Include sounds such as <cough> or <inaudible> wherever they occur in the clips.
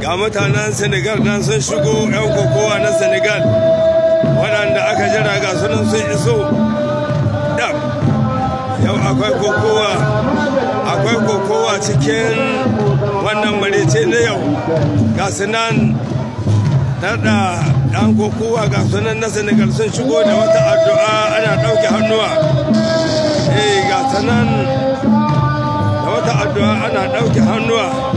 ga mutanen senegal nan sun shigo 'yan kokowa na senegal waɗanda aka jira ga sunan sun iso dam yau akwai kokowa akwai kokowa cikin wannan marice na yau ga sunan tada ɗan kokowa ga sunan na senegal sun shigo da wata addu'a ana ɗauke hannuwa eh ga sunan da wata addu'a ana ɗauke hannuwa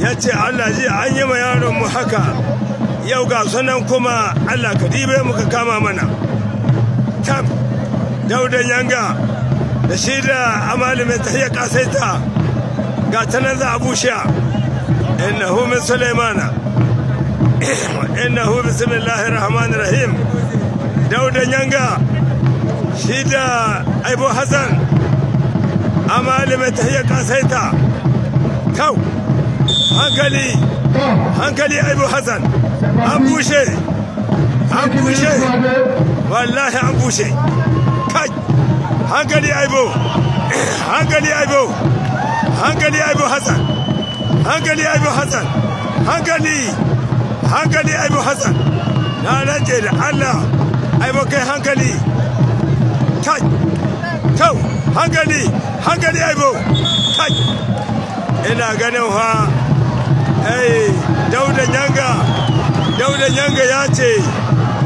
ya ce Allah ji an yi ma yaron mu haka yau ga sunan kuma Allah ka dibe muka kama mana tab daudan yanga da shi da amali mai tahiyya kasaita ga tanan za a bushe innahu min sulaimana <clears throat> innahu bismillahir rahmanir rahim daudan yanga shi da aibo hassan amali mai tahiyya kasaita kau hankali hankali abu hassan an bushe an bushe wallahi an bushe kai hankali abu hankali abu hankali abu hassan hankali abu hassan hankali hankali abu hassan na rage da allah abu kai hankali kai kau hankali hankali abu kai ina ganin ha dauda Nyanga, dauda Nyanga ya ce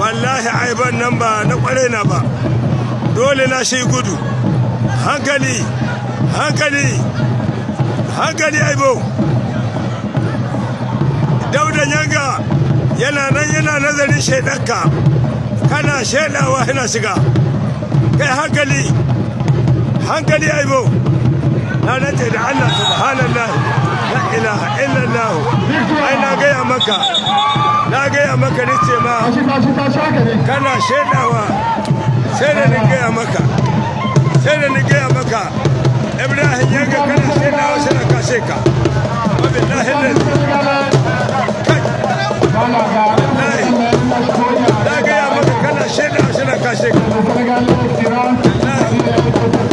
wallahi aiban nan ba na kware na ba dole na shi gudu hankali hankali hankali aibo dauda Nyanga yana nan yana nazarin shaidanka. kana shaidawa yana shiga kai hankali hankali aibo na nace da allah subhanallah maka na gaya maka ni ce ma kana shaidawa sai da ni gaya maka sai da ni gaya maka ibrahim ya ga kana shaidawa sai da kashe ka wabillahi na gaya maka kana shaidawa sai da kashe ka